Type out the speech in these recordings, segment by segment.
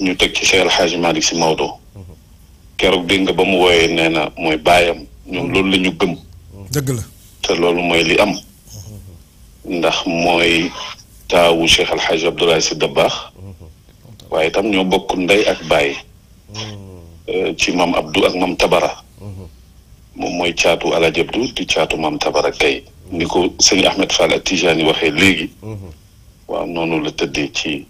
ñu teg ci Cheikh El Hadj Malick si Maodo keroog dégg nga ba mu wooyee nee na mooy baayam ñoom loolu lañu gëm. dëgg la te loolu mooy li am. ndax mooy taawu Cheikh El Hadj Abdoulaye Sy Dabakh waaye itam ñoo bokk ndey ak baay. Euh, ci mam Abdou ak maam Tabara. mooy caatu Alaaji Abdou di caatu maam Tabara tey. ni ko sëñ Ahmed Fall ak Tijani waxee léegi. Uhuh. waaw noonu la tëddee ci.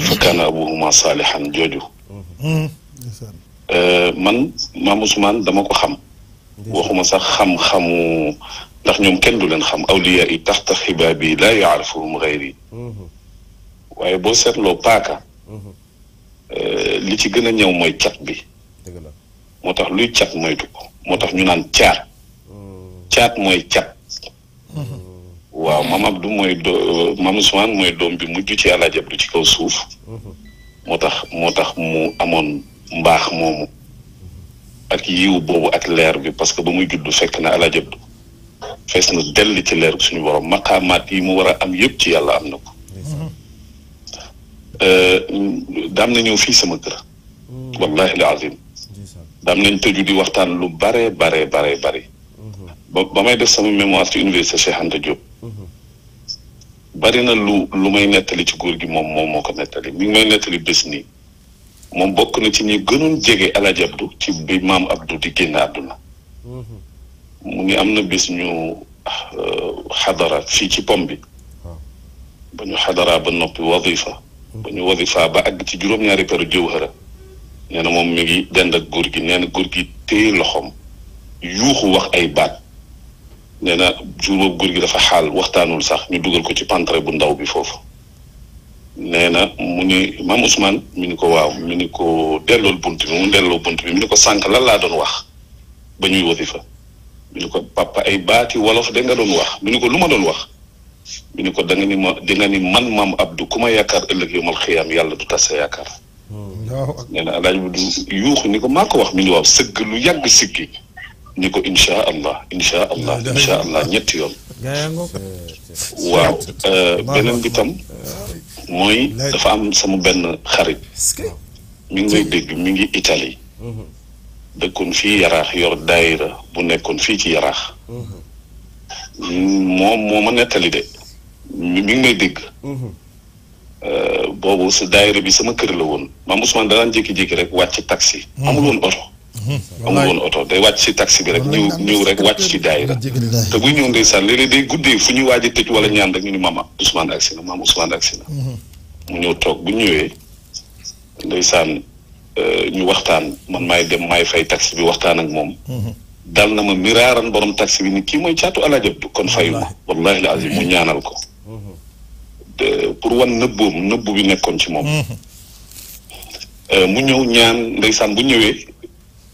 fa kaana abuhuma saalihan jooju mm-hmm. man maam Ousmane dama ko xam waxuma sax xam-xamu ndax ñoom kenn du leen xam awliya yi taxta xibaab bi laa yaarifuhum xayri mm-hmm. waaye boo seetloo paaka mm-hmm. euh, li ci gën a ñëw mooy cat bi moo tax luy cat moytu ko moo tax ñu naan caat mm. caat mooy cat waaw mam Abdou mooy do mam Ousmane mooy doom bi mujj ci Alaaji Abdou ci kaw suuf mhm. moo tax moo tax mu amoon mbaax moomu ak yiw boobu ak leer bi parce que ba muy judd fekk na ala Abdou fees na dell ci leer suñu borom maqaamaat yi mu war a am yëpp ci yàlla am na ko euh, daam na ñëw fii sama kër mhm. wallahi al azim daam nañ tëju di waxtaan lu bare bare bare bare ba ba may def sama mémoire ci université Cheikh Anta Diop. na lu lu may nettali ci góor gi moom moom moo ko nettali mi ngi may nettali bés nii moom bokk na ci ni gënoon jege El Hadj ci bi maam Abdou di génn àdduna. mu ni am na bés ñu euh, xadara fii ci pom bi. ba ñu xadaraa ba noppi wadifa ba ñu wadifa ba àgg ci juróom-ñaari peru jëwhara nee na moom mi ngi dend góor gi nee na góor gi téye loxoom yuuxu wax ay baat. nee na jour boobu gi dafa xaal waxtaanul sax ñu dugal ko ci pantre bu ndaw bi foofu nee na mu ni maam Ousmane mi ni ko waaw mi ni ko dellool bunt bi mu delloo bunt bi mi ni ko sànq lan laa doon wax ba ñuy wasifa mi ni ko papa ay baati wolof de nga doon wax mi ni ko lu ma doon wax mi ni ko da nga ni ma di ni man maam Abdou ku ma yaakaar ëllëg yow mal xiyaam yàlla du tas sa yaakaar hmm. nee na alaaj bu du yuuxu ni ko maa ko wax mi ni waaw sëgg lu yàgg siggi ni ko incha allah incha allah incha allah ñetti yoon. waaw euh, beneen bi tam mooy dafa am sama benn xarit mi ngi lay dégg mu ngi Italie mhm. dëkkoon fii yaraax yor daayira bu nekkoon fii ci yaraax mhm. moom moo ma nettali de mi ngi may dégg mhm. euh, boobu sa daayira bi sama kër la woon maam Ousmane danaan jékki-jékki rek wàcc taxi amul woon oto amul woon oto day wàcc si taxi bi rek ñëw ñëw rek wàcc si daayira te buy ñëw ndeysaan léeg-léeg day guddee fu ñuy waaja a tëj wala ñaan rek ñu ni mama Ousmane agsi na maam Ousmane agsi na mhm. mu ñëw toog bu ñëwee ndeysaan euh, ñu waxtaan man maay dem maay fay taxi bi waxtaan ak moom mhm. dal na ma miraaran borom taxi bi ni kii mooy caatu alaaj kon fayu ma wallahi la azim mu mhm. ñaanal ko pour wan nëbboom nëbb bi nekkoon ci moom euh, mu ñëw ñaan ndeysaan bu ñëwee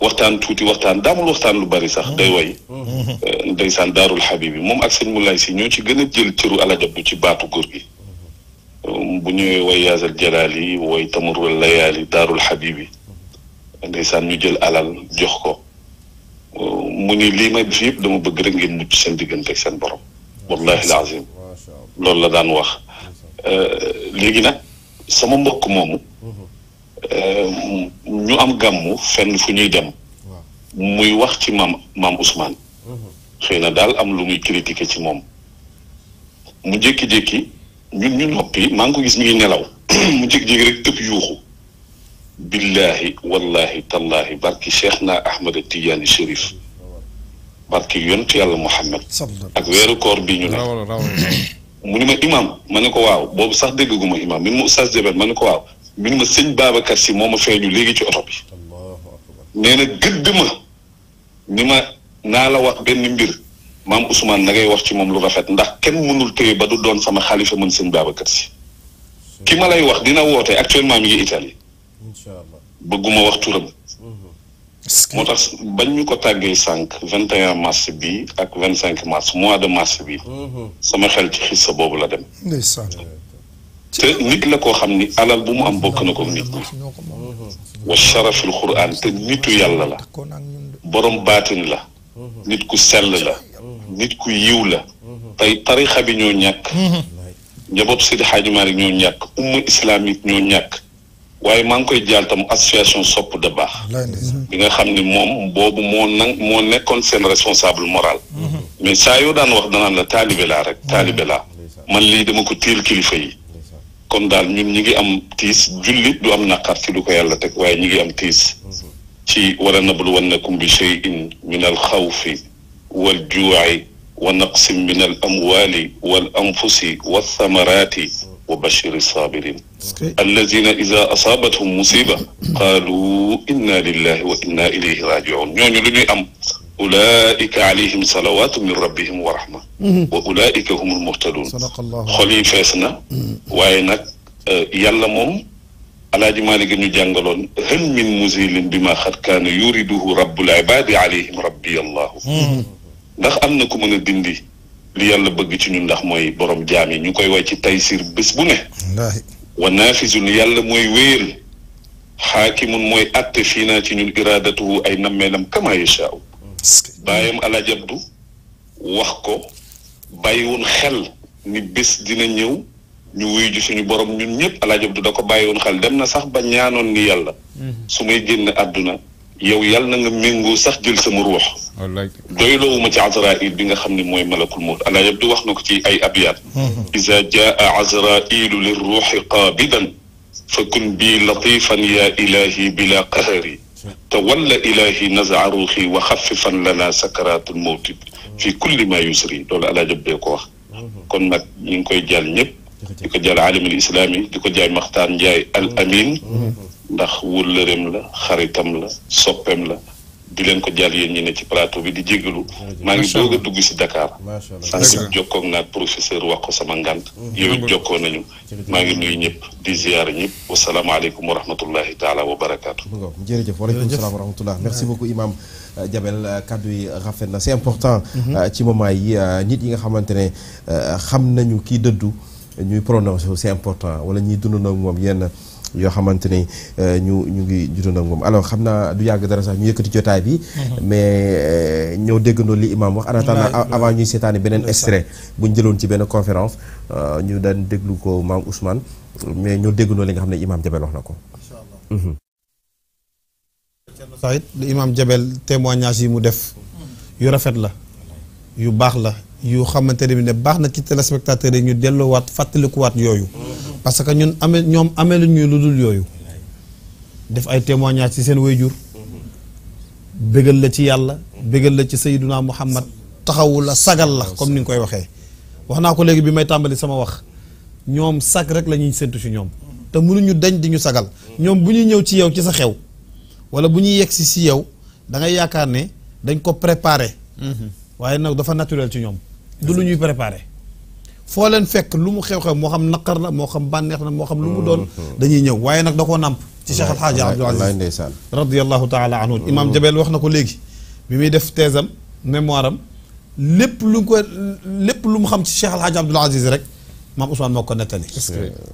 waxtaan tuuti waxtaan daamul waxtaan lu bari sax day way ndeysaan daarul xabibi moom ak sëñ Moulay si ñoo ci gën a jël cëru alajabdu ci baatu góor gi bu ñëwee way yaasal jalaal yi way tamurul layaal yi daarul xabibi ndeysaan ñu jël alal jox ko mu ni lii may def dama bëgg rek ngeen mucc seen diggante seen borom wallahi alazim loolu la daan wax léegi nag sama mbokk moomu Euh, ñu am gàmmu fenn fu ñuy dem muy wax ci maam maam Ousmane mhm. xëy na daal am lu muy critiquer ci moom mu jékki-jékki ñun ñu noppi maa ngi ko gis ñu ngi nelaw mu jékki-jékki rek tëb yuuxu billahi wallahi tallahi barki cheikh na ahmad tidiane chérif barki yontu yàlla bi ñu mu ni ma imam ma ne ko waaw boobu sax dégguma imam min mu ustaz Jabel ma ne ko waaw bi ma sëñ Babacar si moo ma feeñu léegi ci oto bi nee na gëdd ma ni ma naa la wax benn mbir maam Ousmane na ngay wax ci moom lu rafet ndax kenn mënul téye ba du doon sama xalifa mën sëñ Babacar si ki ma lay wax dina wootee actuellement mi ngi bëgguma wax turam moo tax bañ ñu ko tàggee cinq vingt et un mars bi ak vingt cinq mars mois de mars bi mhm. sama xel ci xis sa boobu la dem te nit la koo xam ni alal bu mu am bokk na ko nit ñi wa sharaful quraan te nitu yàlla la borom baatin la nit ku sell la nit ku yiw la tey tarixa bi ñoo ñàkk njabootu Seydi Hadji Malick ñoo ñàkk umma islamique ñoo ñàkk waaye maa ngi koy jaal tam association sopp da baax bi nga xam ni moom boobu moo nang moo nekkoon seen responsable moral mais saa yoo daan wax danaan la taalibe laa rek taalibe laa man lii dama ko tiil kilifa yi kon dal ñun ñi ngi am tiis jullit du am naqar ci lu ko yàlla teg waaye ñi ngi am tiis ci wala nabul nabluwannakum bi shay'in min al xawfi wal juuci wa naqsim min al amwali wal anfusi wa thamarati wa bashiri sabirin alladina ida asaabathum musiba qalu inna lillahi wa inna ilayhi rajiun ñooñu lu ñuy am ulaika alayhim salawatu min rabbihim wa rahmah wa ulaika humul muhtadun xol yi fees na waaye nag eh, yàlla moom alaaji Maalik ñu jàngaloon hal min muzilin bi ma xat kaana yuriduhu rabbul ibaadi alayhim rabbi allahu ndax am na ku mën a dindi li yàlla bëgg ci ñun ndax mooy borom jaam yi ñu koy way ci taysir bés bu ne wa naafizun yàlla mooy wéyal xaakimun mooy atte fii naa ci ñun iraadatuhu ay nammeelam kama yashaau baayam alaaji Abdu wax ko bàyyiwoon xel ni bés dina ñëw ñu wuyu ji suñu borom ñun ñëpp El Hadj Abdou da ko bàyyiwoon xel dem na sax ba ñaanoon ni yàlla. Mhm. su may génn àdduna yow yàlla na nga méngoo sax jël sama ruux. wallaay doyloowuma ci Azraïl bi nga xam ni mooy malakul mawt El Hadj Abdou wax na ko ci ay abiyat. Mhm. iza jaa Azraïlu li ruuxi qaabidan fakun bi latifan yaa ilahi bila qahari تولى إلهي نزع روحي وخففا لنا سكرات الموت في كل ما يسري دول على جبديك واخ كون ماك نينكوي جال نيب ديكو جال عالم الاسلامي ديكو جاي مختار جاي الامين داخ وولريم لا خريطم لا سوبم لا di leen ko jàll yéen ñi ne ci plateau bi di jégalu. maa ngi doog a dugg si Dakar. macha allah sànq jokkoog naag professeur wax ko sama ngant. Mm-hmm. yow jokkoo nañu. maa ngi nuyu ñëpp di ziar ñëpp. wasalaamaaleykum wa rahmatullahi taala wa barakaatu. jërëjëf waaleykum salaam wa rahmatullah merci beaucoup imam euh, Jabel euh, kaddu yi euh, rafet na c'est important. Mm-hmm. ci moment yi nit yi nga xamante ne xam nañu kii dëddu ñuy prononcé c'est important wala ñuy dund na moom yenn. yoo xamante ne euh, ñu ñu ngi jutoon ak moom alors xam naa du yàgg dara sax ñu yëkkati jotaay bi. Mm-hmm. mais euh, ñëw déggandoo li imam wax. en attendant avant ñuy seetaani beneen extrait bu ñu jëloon ci benn conférence euh, ñu daan déglu ko maam Ousmane mais ñoo déggandoo li nga xam ne imam Jabel wax na ko. Mm-hmm. Saïd li imam Jabel témoignage yi mu def yu rafet la yu baax la yu xamante ne bi ne baax na ci téléspectateurs yi ñu delloowaat fàttalikuwaat yooyu. parce que ñun amé ñom amé ñu lu dul yooyu def ay témoignage ci seen wayjur bëggal la ci yalla bëggal la ci sayyiduna muhammad taxawu la sagal la comme ni ngui koy waxé waxna ko légui bi may tambali sama wax ñom sag rek la sentu séntu ci ñoom te ñu dañ di ñu sagal ñom bu ñuy ñëw ci yow ci sa xew wala bu ñuy yegsi ci yow da ngay yaakaar ne dañ ko préparé mhm. waaye nag dafa naturel ci ñom du lu ñuy foo leen fekk lu mu xew-xew moo xam naqar la moo xam bànneex la moo xam lu mu doon mm-hmm. dañuy ñëw waaye nag da ko nàmp ci Cheikh Alxaaji Abdul Aziz radiallahu taala anhu mm-hmm. imam Jabel wax na ko léegi bi muy def thèse am mémoire am lépp lu ko lépp lu mu xam ci Cheikh Alxaaji Abdul Aziz rek maam Ousmane moo ko nettali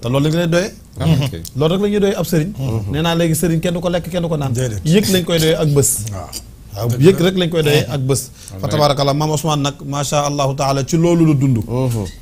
te loolu la ñu lay doyee ah, sëriñ mm-hmm. nee naa léegi sëriñ kenn ko lekk kenn du ko naan yëg lañ koy doyee ak bés ah. waaw yëg rek lañ koy doyee ak bés fa tabarakallah maam Ousmane nag macha allahu taala ci loolu la dund